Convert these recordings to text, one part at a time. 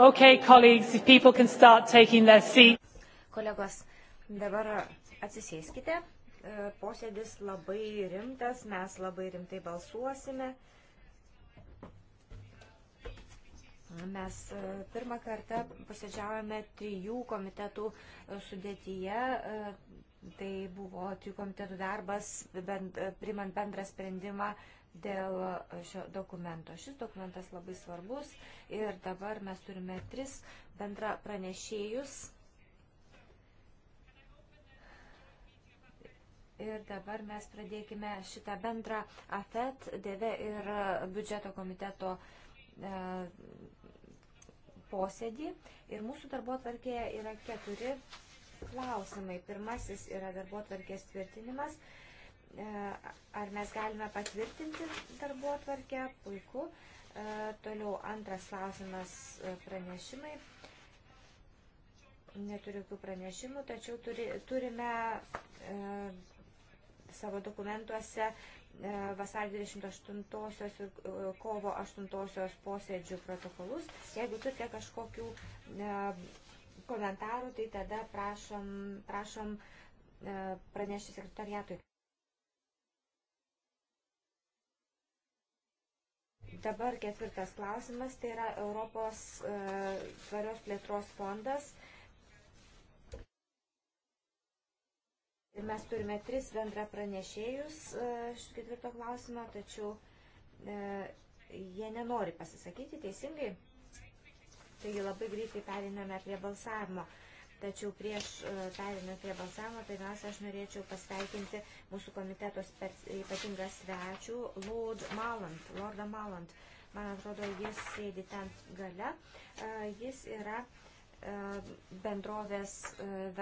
Okay, colleagues, if people can start taking their seats. Kolegos, dabar atsisėskite. E, posėdis labai rimtas, mes labai rimtai balsuosime. Mes e, pirmą kartą posėdžiavome trijų komitetų e, sudėtyje. Tai buvo trijų komitetų darbas, bend, primant bendrą sprendimą dėl e, šio dokumento. Šis dokumentas labai svarbus ir dabar mes turime tris bendra pranešėjus. Ir dabar mes pradėkime šitą bendrą AFET, DV ir biudžeto komiteto e, posėdį. Ir mūsų darbo tvarkėje yra keturi klausimai. Pirmasis yra darbo tvarkės tvirtinimas. E, E, ar mes galime patvirtinti darbo atvarkę? Puiku. E, toliau antras klausimas e, pranešimai. Neturiu jokių pranešimų, tačiau turi, turime e, savo dokumentuose e, vasar 28 ir kovo 8 posėdžių protokolus. Jeigu turite kažkokių e, komentarų, tai tada prašom, prašom pranešti sekretariatui. Dabar ketvirtas klausimas, tai yra Europos e, tvarios plėtros fondas. Ir mes turime tris bendra pranešėjus e, šitą ketvirto klausimą, tačiau e, jie nenori pasisakyti teisingai. Taigi labai greitai periname prie balsavimo. Tačiau prieš e, perinant prie balsavimo, pirmiausia, aš norėčiau pasveikinti mūsų komiteto ypatingą svečių, Lord Malant, Lordą Malant. Man atrodo, jis sėdi ten gale. E, jis yra e, bendrovės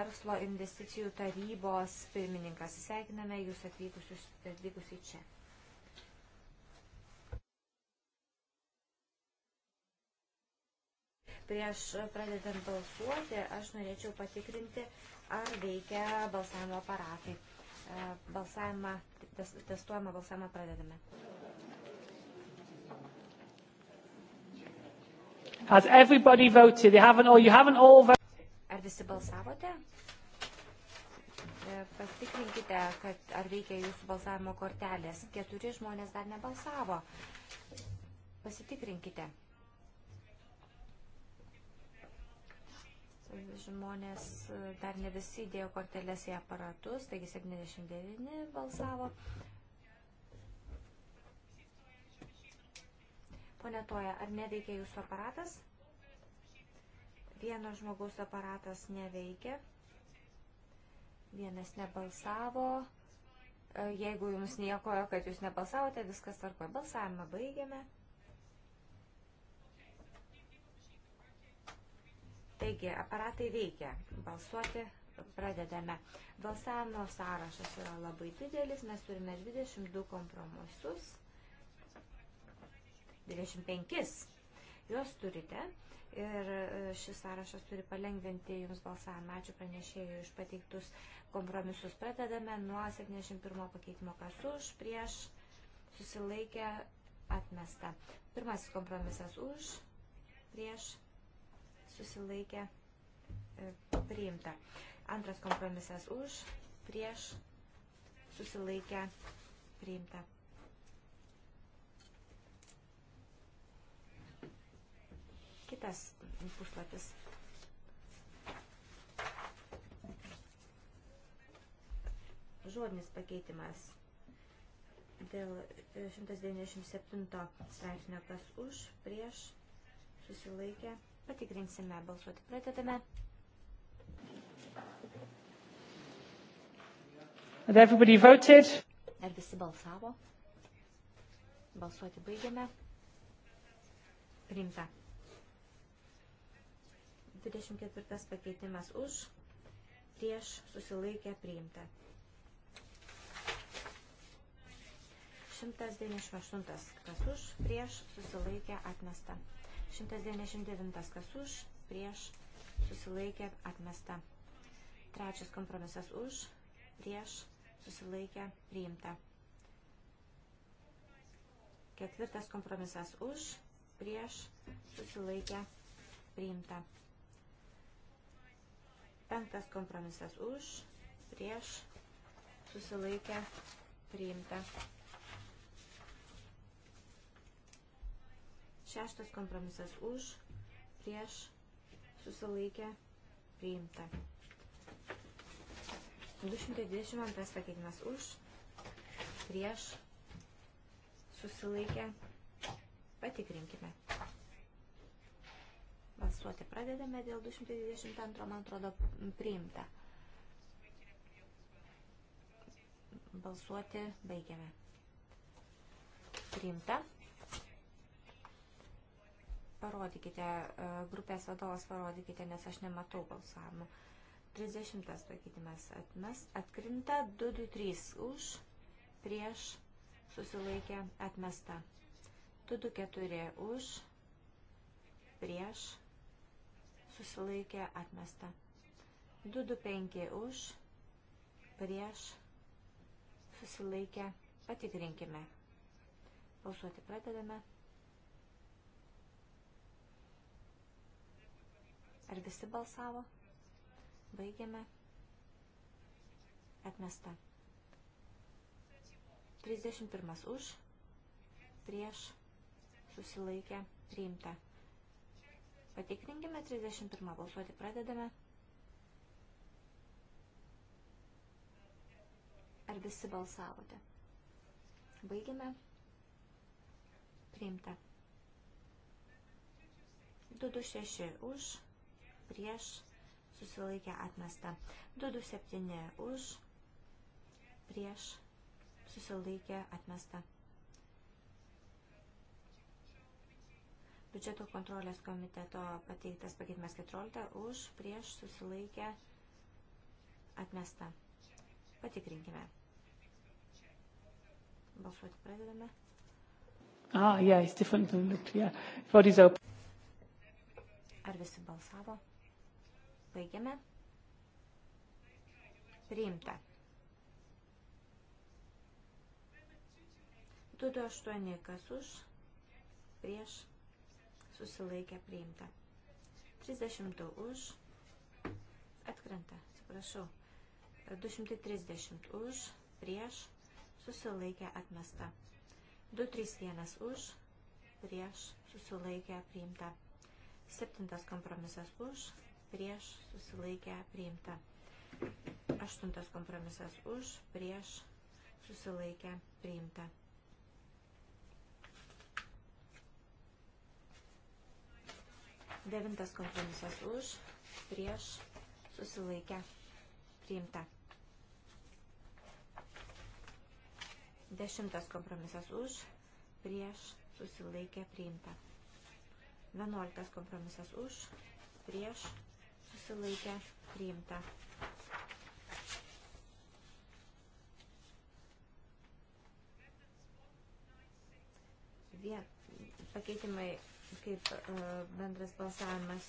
verslo investicijų tarybos pirmininkas. Sveikiname jūs atvykusius, atvykusius čia. Prieš pradedant balsuoti, aš norėčiau patikrinti, ar veikia balsavimo aparatai. E, balsavimą, testuojamą balsavimą pradedame. Has everybody voted? They haven't all, you haven't all voted. Ar visi balsavote? E, Pasitikrinkite, kad ar veikia jūsų balsavimo kortelės. Keturi žmonės dar nebalsavo. Pasitikrinkite. Žmonės e, dar ne visi įdėjo korteles į aparatus, taigi 79 balsavo. Pone Toja, ar neveikia jūsų aparatas? Vieno žmogaus aparatas neveikia. Vienas nebalsavo. E, jeigu jums niekojo, kad jūs nebalsavote, viskas tvarkoja. Balsavimą baigiame. Taigi, aparatai veikia. Balsuoti pradedame. Balsavimo sąrašas yra labai didelis, mes turime 22 kompromisus, 25. Juos turite ir e, šis sąrašas turi palengventi jums balsavimą. Ačiū pranešėjų iš pateiktus kompromisus. Pradedame nuo 71 pakeitimo kas už, prieš, susilaikę, atmesta. Pirmasis kompromisas už, prieš, susilaikė e, priimta. Antras kompromisas už, prieš, susilaikė priimta. Kitas puslapis. Žodinis pakeitimas dėl 197 e, straipsnio kas už, prieš, susilaikė, Patikrinsime, balsuoti pradedame. Ar visi balsavo? Balsuoti baigiame. Priimta. 24 pakeitimas už, prieš susilaikę priimta. 198 kas už, prieš susilaikę atmesta. 199 kas už, prieš, susilaikė, atmesta. Trečias kompromisas už, prieš, susilaikė, priimta. Ketvirtas kompromisas už, prieš, susilaikė, priimta. Penktas kompromisas už, prieš, susilaikė, priimta. Šeštas kompromisas už, prieš, susilaikė, priimta. 222 pakeitimas už, prieš, susilaikė, patikrinkime. Balsuoti pradedame dėl 222, man atrodo, priimta. Balsuoti baigiame. Priimta parodykite, e, grupės vadovas parodykite, nes aš nematau balsavimo. 30 pakeitimas atmes, atkrinta, 223 už, prieš, susilaikė, atmesta. 224 už, prieš, susilaikė, atmesta. 225 už, prieš, susilaikė, patikrinkime. Balsuoti pradedame. Ar visi balsavo? Baigiame. Atmesta. 31 už, prieš, susilaikę, priimta. Patikrinkime 31 balsuoti, pradedame. Ar visi balsavote? Baigiame. Priimta. 226 už, prieš, susilaikė atmesta. 227 už, prieš, susilaikė atmesta. Biudžeto kontrolės komiteto pateiktas pakeitimas 14 už, prieš, susilaikė atmesta. Patikrinkime. Balsuoti pradedame. Ah, yeah, it's different than looked, yeah. Vote is open. Ar visi balsavo? Baigiame. Priimta. 228 kas už, prieš, susilaikę priimta. 32 už, atkrenta, atsiprašau. 230 už, prieš, susilaikę atmesta. 231 už, prieš, susilaikę priimta. 7 kompromisas už, prieš susilaikę priimta. Aštuntas kompromisas už, prieš susilaikę priimta. Devintas kompromisas už, prieš susilaikę priimta. Dešimtas kompromisas už, prieš susilaikę priimta. Vienuoliktas kompromisas už, prieš susilaikė priimta. Vien, pakeitimai kaip e, bendras balsavimas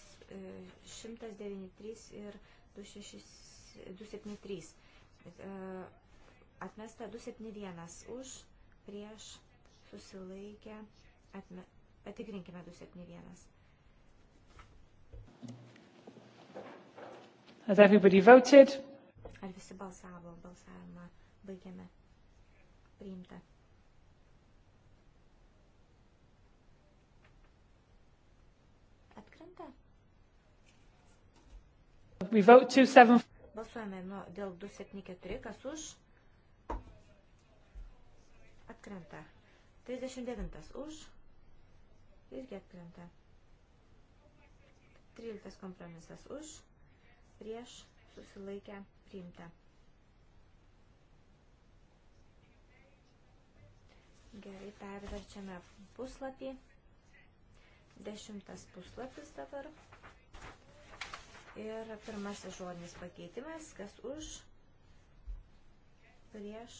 193 e, ir 273. E, atmesta 271 už, prieš, susilaikę, atme, patikrinkime 271. Has everybody voted? Ar visi balsavo? Balsavimą baigiame. Priimta. Atkrenta. We vote 27. Balsuojame nuo, dėl 274, kas už. Atkrenta. 39 už. Irgi atkrenta. 13 kompromisas už prieš susilaikę priimta. Gerai, perverčiame puslapį. Dešimtas puslapis dabar. Ir pirmasis žodinis pakeitimas, kas už, prieš,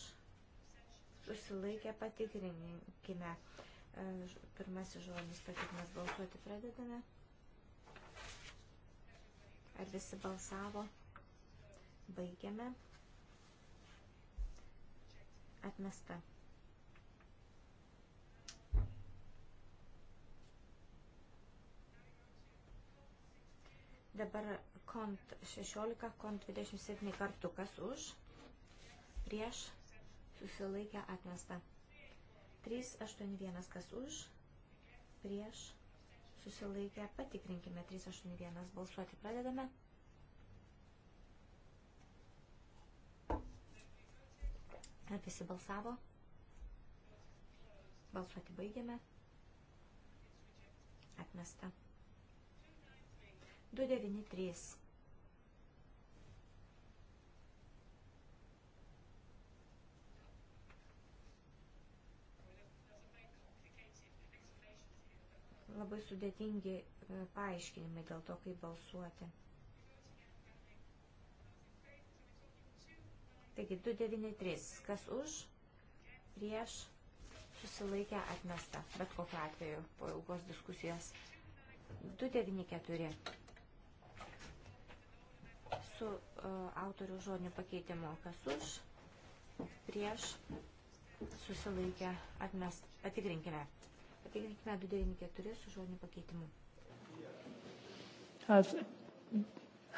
susilaikę patikrinkime. Pirmasis žodinis pakeitimas balsuoti pradedame. Ar visi balsavo? Baigiame. Atmesta. Dabar kont 16, kont 27 kartų, kas už, prieš, susilaikę atmestą. 381, kas už, prieš, susilaikę, patikrinkime 381, balsuoti pradedame. Ar visi balsavo? Balsuoti baigiame. Atmesta. 293 labai sudėtingi e, paaiškinimai dėl to, kaip balsuoti. Taigi 293. Kas už, prieš, susilaikę atmesta. Bet kokiu atveju po ilgos diskusijos. 294. Su uh, autorių žodiniu pakeitimu. Kas už, prieš, susilaikę atmesta. Patikrinkime. Patikrinkime 294 su žodiniu pakeitimu. Has,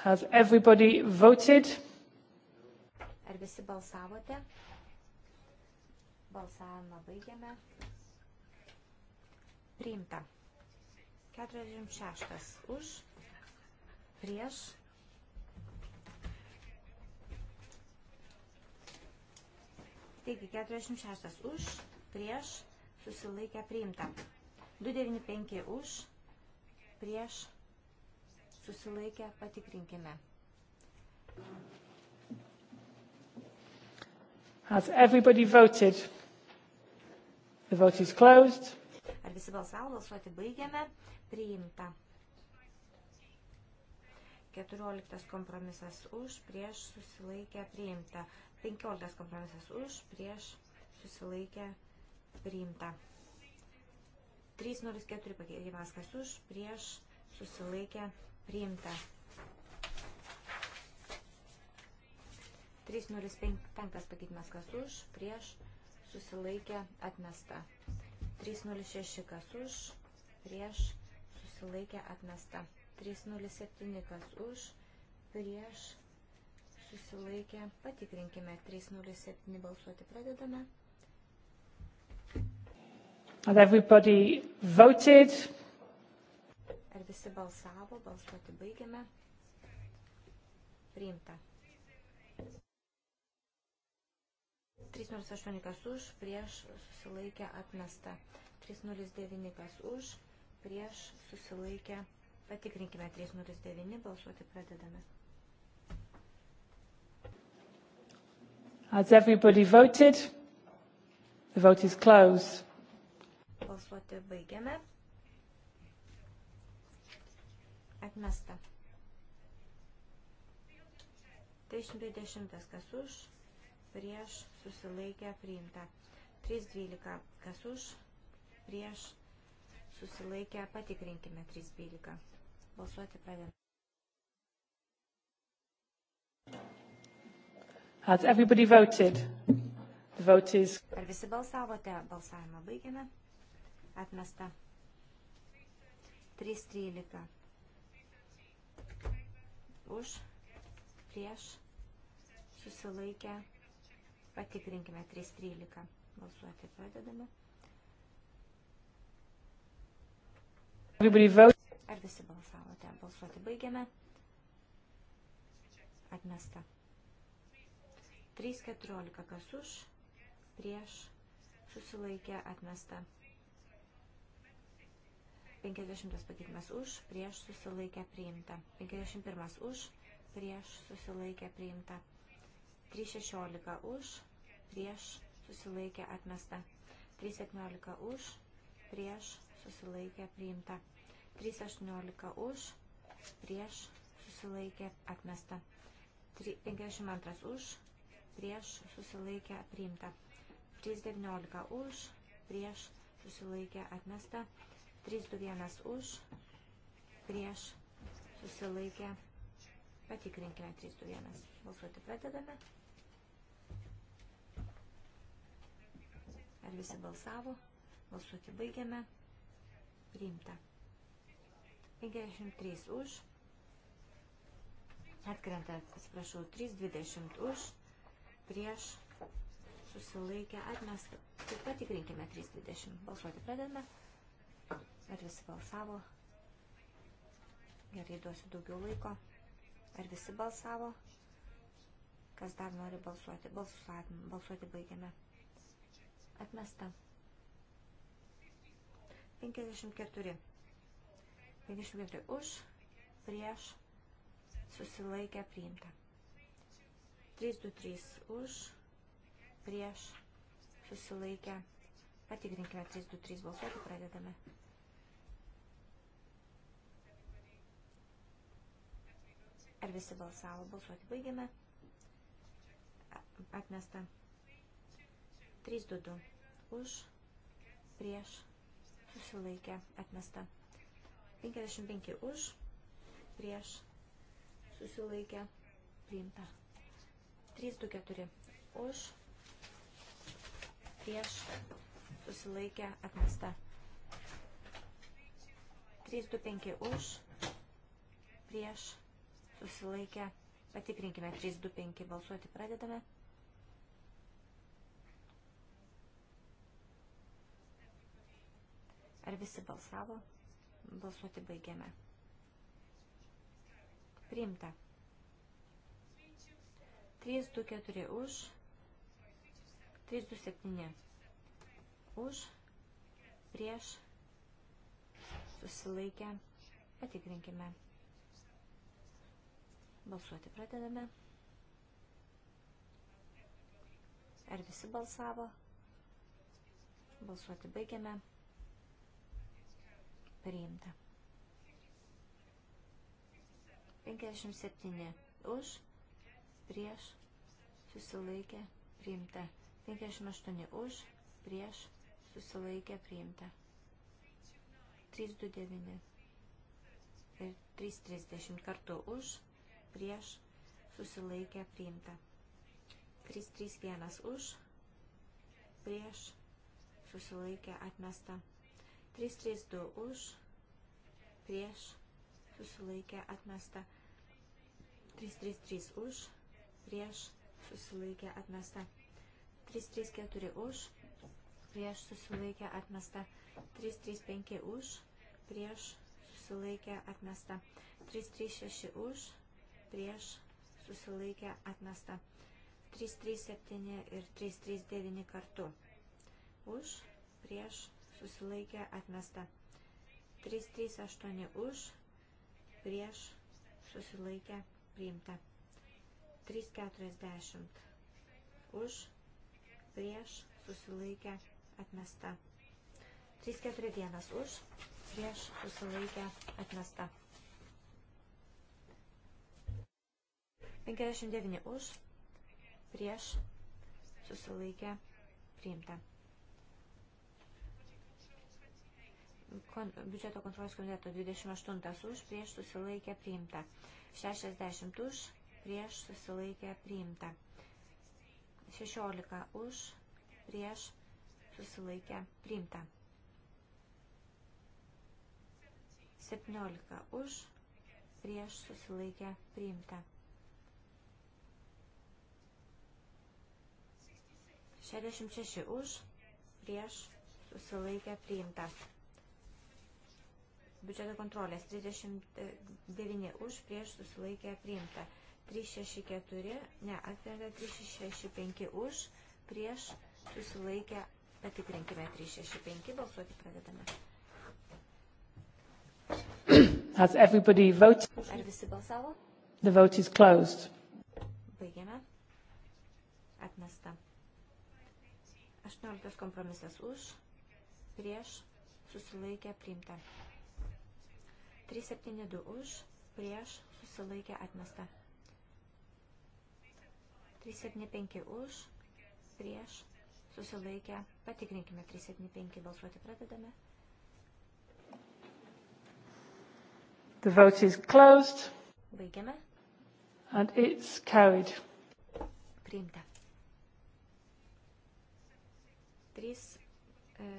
has everybody voted? Ar visi balsavote? Balsavimą baigiame. Priimta. 46 už, prieš. Taigi 46 už, prieš susilaikę priimta. 295 už, prieš, susilaikę patikrinkime. Has everybody voted? The vote is closed. Ar visi balsavo, balsuoti baigiame, priimta. 14 kompromisas už, prieš, susilaikę, priimta. 15 kompromisas už, prieš, susilaikę, priimta priimta. 304 pakeitimas kas už, prieš, susilaikė, priimta. 305 pakeitimas kas už, prieš, susilaikė, atmesta. 306 kas už, prieš, susilaikė, atmesta. 307 kas už, prieš, susilaikė, patikrinkime. 307 balsuoti pradedame. 307. Have everybody voted? Ar visi balsavo? Balsuoti baigiame. Priimta. 308 kas už, prieš susilaikę atmesta. 309 kas už, prieš susilaikę. Patikrinkime 309, balsuoti pradedame. Has everybody voted? The vote is closed. Balsuoti baigiame. Atmesta. 320 kas už, prieš susilaikę priimta. 312 kas už, prieš susilaikę patikrinkime 312. Balsuoti pradedame. Has everybody voted? The vote is... Ar visi balsavote? Balsavimą baigiame atmesta. 3.13. Už, prieš, susilaikę, patikrinkime 3.13. Balsuoti pradedame. Ar visi balsavote? Balsuoti baigiame. Atmesta. 3.14. Kas už, prieš, susilaikę, atmesta. 3.15. 50 pakeitimas už, prieš susilaikę priimta. 51 už, prieš susilaikę priimta. 316 už, prieš susilaikę atmesta. 317 už, prieš susilaikę priimta. 318 už, prieš susilaikę atmesta. 52 už, prieš susilaikę priimta. 319 už, prieš susilaikę atmesta. 321 už, prieš, susilaikę, patikrinkime 321. Balsuoti pradedame. Ar visi balsavo? Balsuoti baigiame. Priimta. 53 už. Atkrenta, atsiprašau, 320 už. Prieš susilaikę atmestą. Taip patikrinkime 320. Balsuoti pradedame. Ar visi balsavo? Gerai, duosiu daugiau laiko. Ar visi balsavo? Kas dar nori balsuoti? Balsuoti, balsuoti baigiame. Atmesta. 54. 54 už, prieš, susilaikę priimta. 323 už, prieš, susilaikę. Patikrinkime 323 balsuoti, pradedame. Ar visi balsavo? Balsuoti baigiame. Atmesta. 3-2-2. Už, prieš, susilaikę, atmesta. 55 už, prieš, susilaikę, priimta. 3-2-4. Už, prieš, susilaikę, atmesta. 3-2-5 už, prieš, susilaikę, atmesta. 3, 2, 5, už, prieš, susilaikę. Patikrinkime 325 balsuoti pradedame. Ar visi balsavo? Balsuoti baigiame. Priimta. 324 už, 327 už, prieš, susilaikę, patikrinkime. Balsuoti pradedame. Ar visi balsavo? Balsuoti baigiame. Priimta. 57 už, prieš, susilaikė, priimta. 58 už, prieš, susilaikė, priimta. 329 ir 330 kartų už, prieš susilaikė priimta. 331 už, prieš susilaikė atmesta. 332 už, prieš susilaikė atmesta. 333 už, prieš susilaikė atmesta. 334 už, prieš susilaikė atmesta. 335 už, prieš susilaikė atmesta. 336 už, prieš susilaikė atmesta. 337 ir 339 kartu. Už, prieš susilaikė atmesta. 338 už, prieš susilaikė priimta. 340 už, prieš susilaikė atmesta. 341 už, prieš susilaikę atmesta. 59 už, prieš, susilaikė, priimta. Kon, biudžeto kontrolės komiteto 28 už, prieš, susilaikė, priimta. 60 už, prieš, susilaikė, priimta. 16 už, prieš, susilaikė, priimta. 17 už, prieš, susilaikė, priimta. 66 už, prieš, susilaikė priimta. Biudžeto kontrolės 39 už, prieš, susilaikė priimta. 364, ne, atkrenta 365 už, prieš, susilaikė, patikrinkime 365, balsuoti pradedame. Has everybody voted? Ar visi balsavo? The vote is closed. Baigiame. Atmesta. 18 kompromisas už, prieš, susilaikę priimta. 372 už, prieš, susilaikę atmesta. 375 už, prieš, susilaikę. Patikrinkime 375, balsuoti pradedame. The vote is closed. Baigiame. And it's carried. Priimta. 3,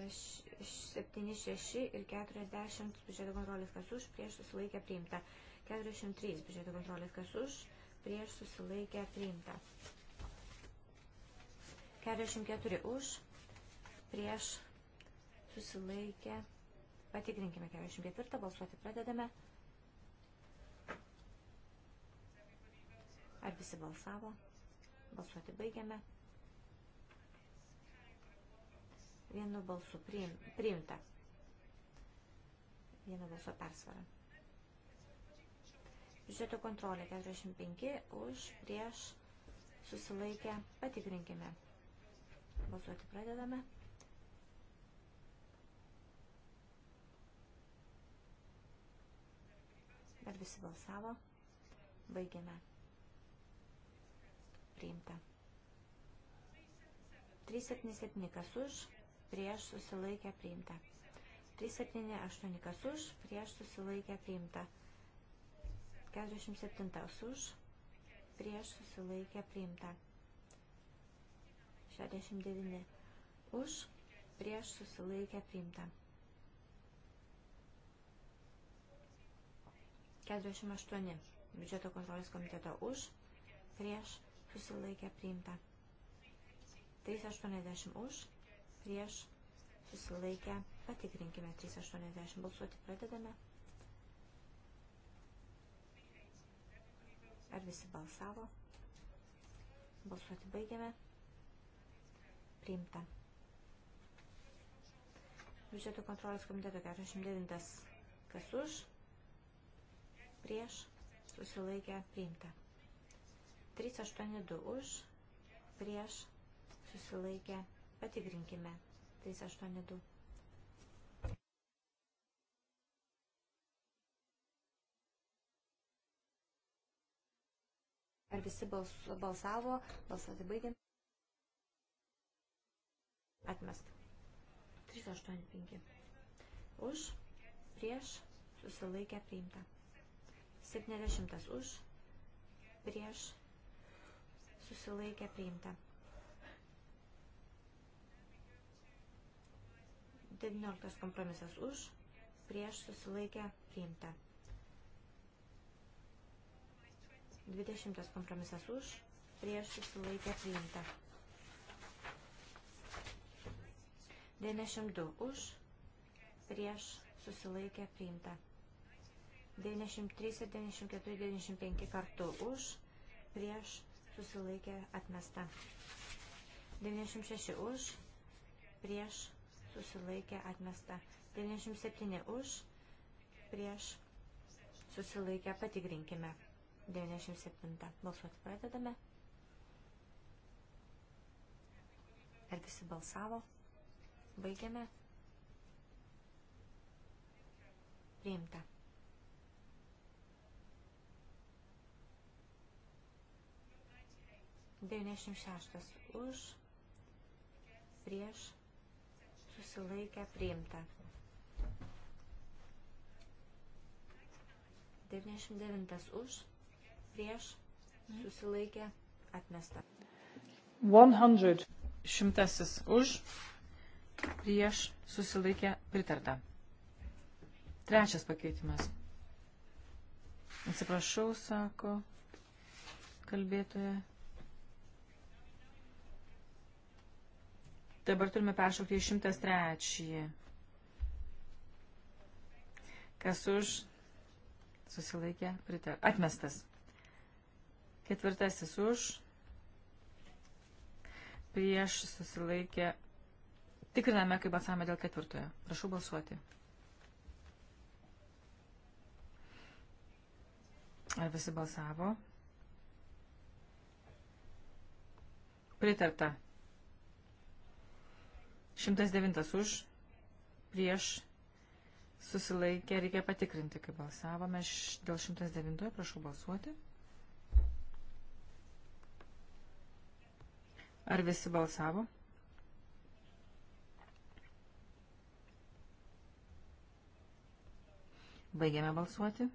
7, 6 ir 40 biudžeto kontrolės kas už, prieš susilaikę priimta. 43 biudžeto kontrolės kas už, prieš susilaikę priimta. 44 už, prieš susilaikę. Patikrinkime 44, balsuoti pradedame. Ar visi balsavo? Balsuoti baigiame. vienu balsu priimta. Vieno balso persvara. Biudžeto kontrolė 45 už prieš susilaikę. Patikrinkime. Balsuoti pradedame. Ar visi balsavo? Baigiame. Priimta. 377 kas už prieš susilaikę priimta. 378 kas už, prieš susilaikę priimta. 47 už, prieš susilaikę priimta. 69 už, prieš susilaikę priimta. 48 biudžeto kontrolės komiteto už, prieš susilaikę priimta. 380 už, prieš, susilaikę, patikrinkime 380, balsuoti pradedame. Ar visi balsavo? Balsuoti baigiame. Priimta. Biudžeto kontrolės komiteto 49. Kas už? Prieš. Susilaikę. Priimta. 382 už. Prieš. Susilaikę. Patikrinkime. 382. Ar visi balsavo? Balsas baigėm. Atmest. 385. Už, prieš, susilaikę priimta. 70 už, prieš, susilaikę priimta. 19 kompromisas už, prieš susilaikę priimta. 20 kompromisas už, prieš susilaikę priimta. 92 už, prieš susilaikę priimta. 93 ir 94, 95 kartų už, prieš susilaikę atmesta. 96 už, prieš susilaikė atmesta. 97 už, prieš, susilaikė patikrinkime. 97. Balsuoti pradedame. Ar visi balsavo? Baigiame. Priimta. Devyniasdešimt šeštas už, prieš, susilaikę priimta. 99 už, prieš, susilaikė, atmesta. 100. Šimtasis už, prieš, susilaikė, pritarta. Trečias pakeitimas. Atsiprašau, sako kalbėtoja. Dabar turime peršokti į 103. Kas už susilaikė pritar. Atmestas. Ketvirtasis už prieš susilaikė. Tikriname, kaip balsavome dėl ketvirtojo. Prašau balsuoti. Ar visi balsavo? Pritarta. 109 už, prieš susilaikė, reikia patikrinti, kaip balsavome. Dėl 109 prašau balsuoti. Ar visi balsavo? Baigiame balsuoti.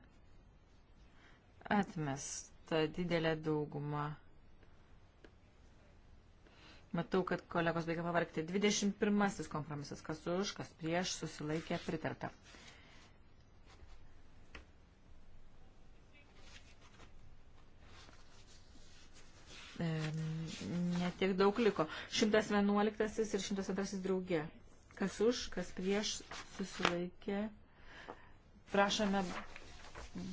Atmesta didelė dauguma. Matau, kad kolegos baigia pavarkti. 21 kompromisas. Kas už, kas prieš, susilaikė, pritarta. Netiek daug liko. 111 ir 102 draugė. Kas už, kas prieš, susilaikė. Prašome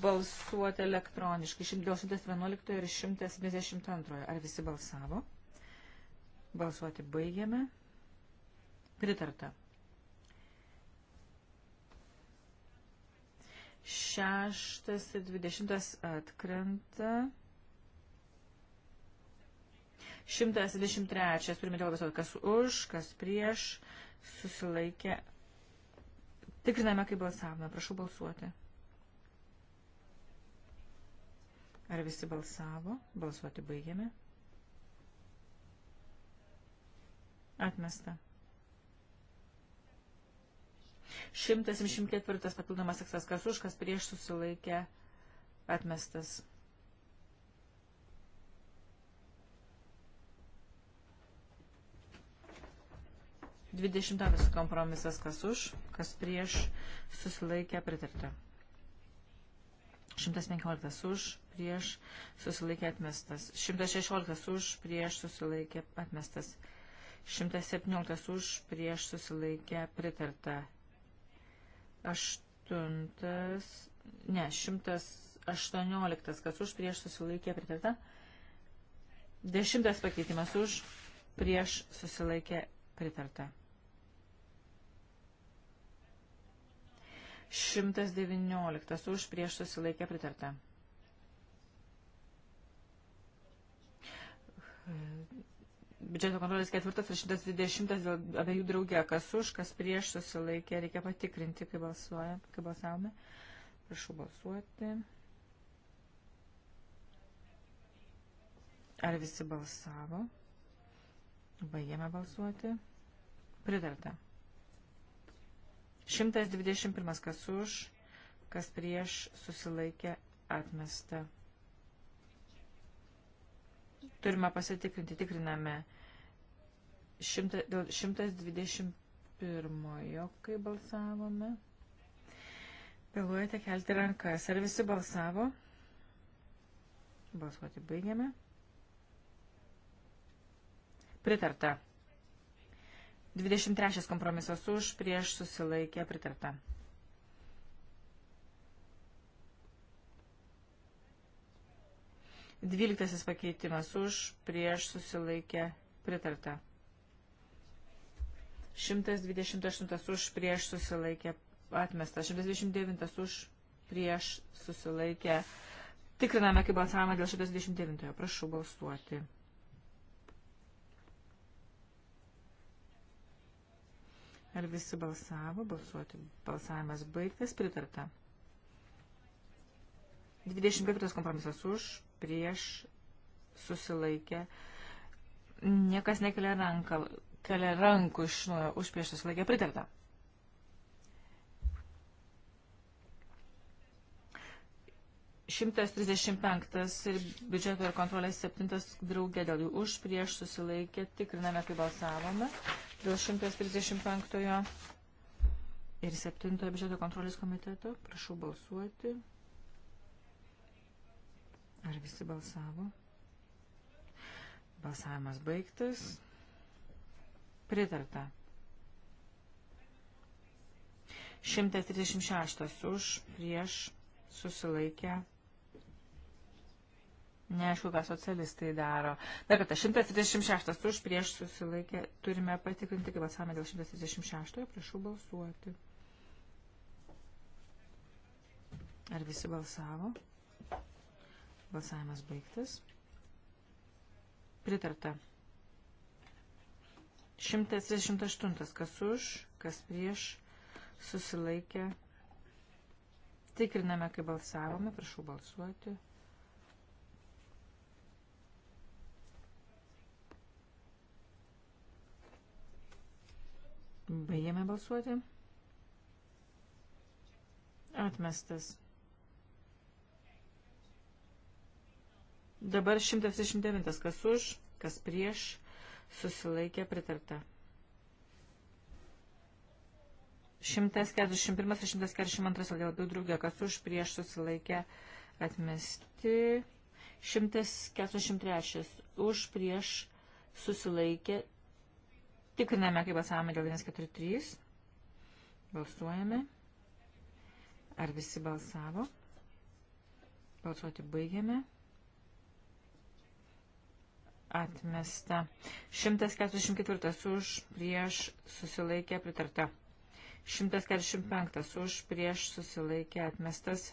balsuoti elektroniškai. Dėl 111 ir 172. Ar visi balsavo? Balsuoti baigiame. Pritarta. Šeštas ir dvidešimtas atkrenta. 123. Turime dėl balsuoti, kas už, kas prieš, susilaikė. Tikriname, kaip balsavome. Prašau balsuoti. Ar visi balsavo? Balsuoti baigiame. Atmesta. 174 papildomas seksas kas už, kas prieš susilaikė atmestas. Dvidešimtasis kompromisas kas už, kas prieš susilaikė pritarta. 115 už, prieš susilaikė atmestas. 116 už, prieš susilaikė atmestas. 117 117 už prieš susilaikę pritarta. 8, ne, 118, kas už prieš susilaikė pritarta. 10 pakeitimas už prieš susilaikė pritarta. 119 už prieš susilaikę pritarta biudžeto kontrolės ketvirtas ir 120 dėl abiejų draugė, kas už, kas prieš susilaikė, reikia patikrinti, kai, balsuoja, kai balsavome. Prašau balsuoti. Ar visi balsavo? Baigėme balsuoti. Pritarta. 121 kas už, kas prieš susilaikė atmesta turime pasitikrinti, tikriname dėl 121, kai balsavome. Vėluojate kelti rankas. Ar visi balsavo? Balsuoti baigiame. Pritarta. 23 kompromisas už, prieš susilaikė pritarta. Dvyliktasis pakeitimas už, prieš susilaikė pritarta. 128 už prieš susilaikė atmesta, 129 už prieš susilaikė. Tikriname, kaip balsavome dėl 129. Prašau balsuoti. Ar visi balsavo? Balsuoti. Balsavimas baigtas, pritarta. 24 kompromisas už, prieš, susilaikė. Niekas nekelia ranką kelia rankų iš nuojo už prieš susilaikę pritarta. Šimtas trisdešimt penktas ir biudžeto ir kontrolės septintas draugė dėl jų už prieš susilaikė, tikriname, kaip balsavome, dėl šimtas trisdešimt penktojo ir septintojo biudžeto kontrolės komiteto, prašau balsuoti. Ar visi balsavo? Balsavimas baigtas. Mm. Pritarta. 136 už, prieš, susilaikę. Neaišku, ką socialistai daro. Dar kartą, 136 už, prieš, susilaikę. Turime patikrinti, kaip balsavome dėl 136, prašau balsuoti. Ar visi balsavo? Balsavimas baigtas. Pritarta. 138. Kas už, kas prieš, susilaikė. Tikriname, kai balsavome. Prašau balsuoti. Baigėme balsuoti. Atmestas. Dabar 169. Kas už, kas prieš, susilaikė pritarta. 141 ir 142 dėl abiejų draugė, kas už prieš susilaikė atmesti. 143 už prieš susilaikė. Tikriname, kaip balsavome dėl 143. Balsuojame. Ar visi balsavo? Balsuoti baigiame atmesta. 144 už prieš susilaikė pritarta. 145 už prieš susilaikė atmestas.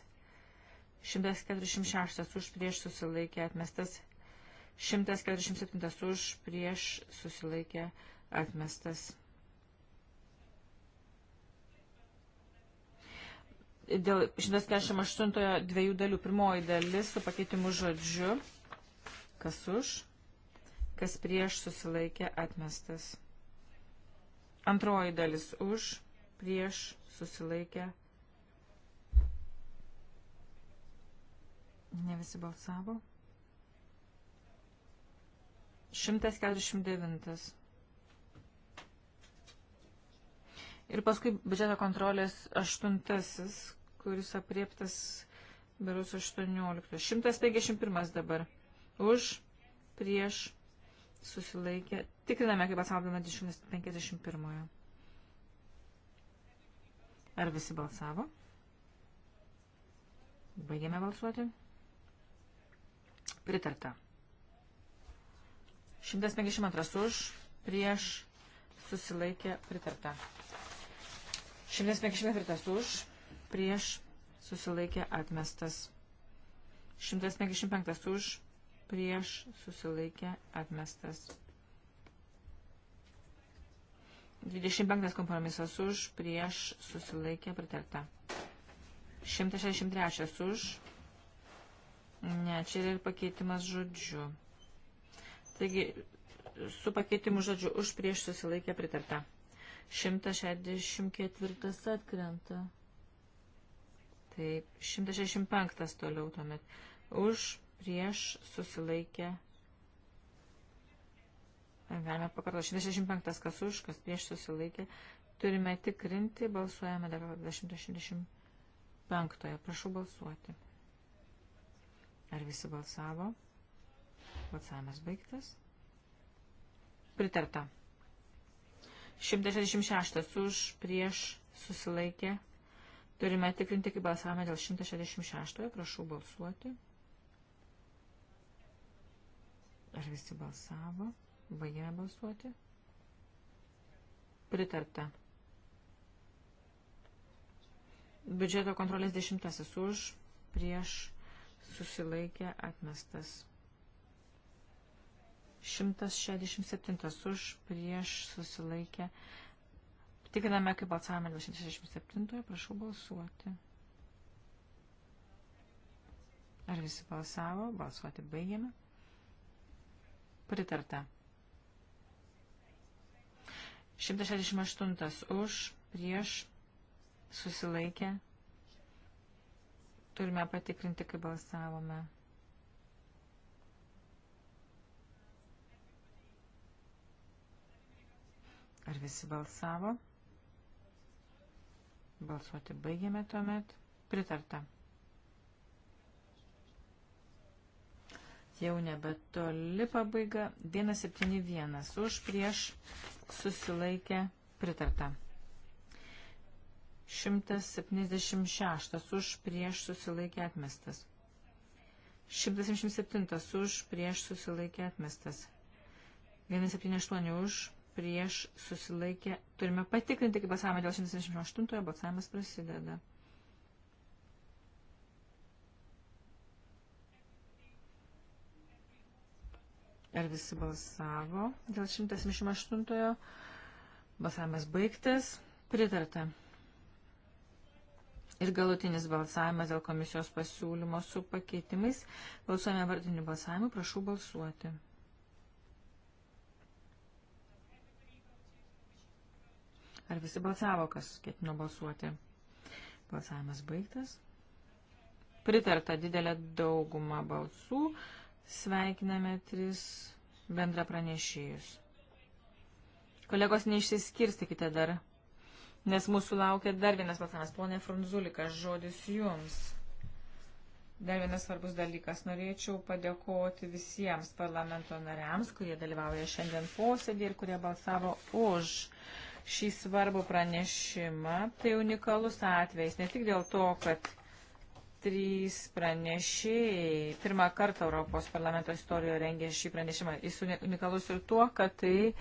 146 už prieš susilaikė atmestas. 147 už prieš susilaikė atmestas. Dėl 148 dviejų dalių pirmoji dalis su pakeitimu žodžiu. Kas už? kas prieš susilaikė atmestas. Antroji dalis už, prieš susilaikė. Ne visi balsavo. 149. Ir paskui biudžeto kontrolės aštuntasis, kuris apriektas berus 18. 151 dabar. Už, prieš, susilaikė. Tikriname, kaip balsavo 251. Ar visi balsavo? Baigėme balsuoti. Pritarta. 152 už, prieš, susilaikė, pritarta. 154 už, prieš, susilaikė, atmestas. 155 už, prieš susilaikę atmestas. 25 kompromisas už, prieš susilaikę pritarta. 163 už, ne, čia yra ir pakeitimas žodžiu. Taigi, su pakeitimu žodžiu už, prieš susilaikę pritarta. 164 atkrenta. Taip, 165 toliau tuomet. Už, prieš susilaikė. Galime pakartoti 65, kas už, kas prieš susilaikė. Turime tikrinti, balsuojame dar 265. Prašau balsuoti. Ar visi balsavo? Balsavimas baigtas. Pritarta. 166 už, prieš susilaikė. Turime tikrinti, kaip balsavome dėl 166. Prašau balsuoti. Ar visi balsavo? Baigėme balsuoti. Pritarta. Biudžeto kontrolės dešimtasis už, prieš susilaikė atmestas. 167 už, prieš susilaikė. Tikriname, kaip balsavome 267, prašau balsuoti. Ar visi balsavo? Balsuoti baigėme. Pritarta. 168 už, prieš, susilaikė. Turime patikrinti, kaip balsavome. Ar visi balsavo? Balsuoti baigėme tuomet. Pritarta. jau nebetoli pabaiga. 171 už prieš susilaikė pritarta. 176 už prieš susilaikė atmestas. 177 už prieš susilaikė atmestas. 178 už prieš susilaikė. Turime patikrinti, kaip balsavome dėl 178, balsavimas prasideda. Ar visi balsavo dėl 178? Balsavimas baigtas. Pritarta. Ir galutinis balsavimas dėl komisijos pasiūlymo su pakeitimais. Balsuojame vardiniu balsavimu. Prašau balsuoti. Ar visi balsavo, kas ketino balsuoti? Balsavimas baigtas. Pritarta didelė dauguma balsų. Sveikiname tris bendra pranešėjus. Kolegos, neišsiskirstykite dar, nes mūsų laukia dar vienas balsavimas. Pone Frunzulikas, žodis jums. Dar vienas svarbus dalykas. Norėčiau padėkoti visiems parlamento nariams, kurie dalyvauja šiandien posėdį ir kurie balsavo už šį svarbų pranešimą. Tai unikalus atvejs, ne tik dėl to, kad trys pranešėjai pirmą kartą Europos parlamento istorijoje rengė šį pranešimą. Jis unikalus ir tuo, kad tai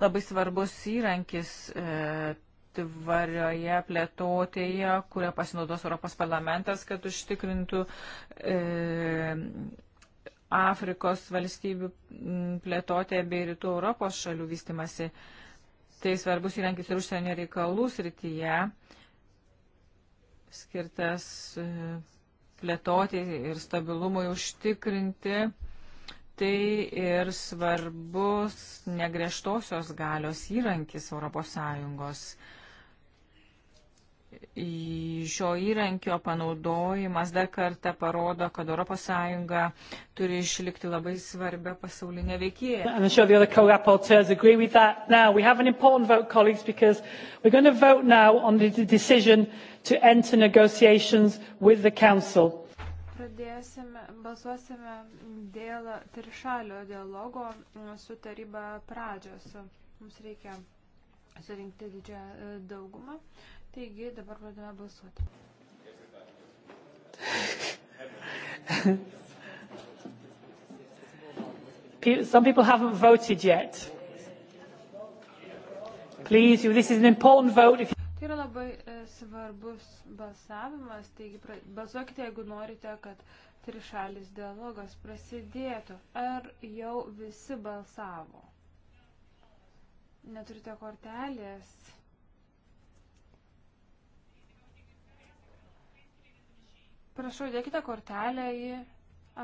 labai svarbus įrankis e, tvarioje plėtotėje, kurią pasinaudos Europos parlamentas, kad užtikrintų e, Afrikos valstybių plėtotę bei rytų Europos šalių vystimasi. Tai svarbus įrankis ir užsienio reikalų srityje skirtas e, plėtoti ir stabilumui užtikrinti. Tai ir svarbus negriežtosios galios įrankis ES šio įrankio panaudojimas dar kartą parodo, kad ES turi išlikti labai svarbę pasaulinę veikėją. Sure vote, because we're going to vote now on the decision to enter negotiations with the Council. Pradėsime, balsuosime dėl trišalio dialogo mm, su taryba pradžios. Mums reikia surinkti didžiąją e, daugumą. Taigi dabar pradėjome balsuoti. Some people haven't voted yet. Please, this is an important vote. If you... Tai yra labai e, svarbus balsavimas, taigi balsuokite, jeigu norite, kad trišalis dialogas prasidėtų. Ar jau visi balsavo? Neturite kortelės? Prašau, dėkite kortelę į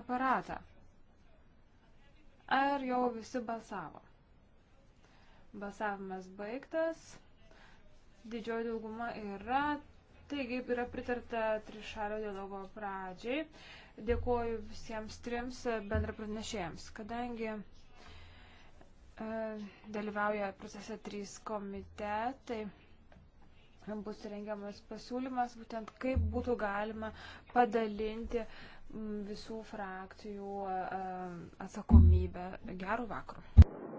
aparatą. Ar jau visi balsavo? Balsavimas baigtas. Didžioji dauguma yra. Taigi yra pritarta trišalio dialogo pradžiai. Dėkuoju visiems trims bendrapranešėjams, kadangi e, dalyvauja procese trys komitetai bus rengiamas pasiūlymas, būtent kaip būtų galima padalinti visų frakcijų atsakomybę. Gerų vakarų.